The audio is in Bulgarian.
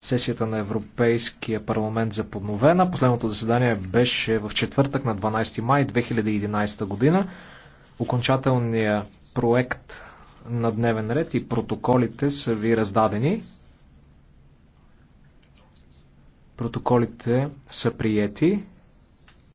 сесията на Европейския парламент за подновена. Последното заседание беше в четвъртък на 12 май 2011 година. Окончателният проект на дневен ред и протоколите са ви раздадени. Протоколите са приети.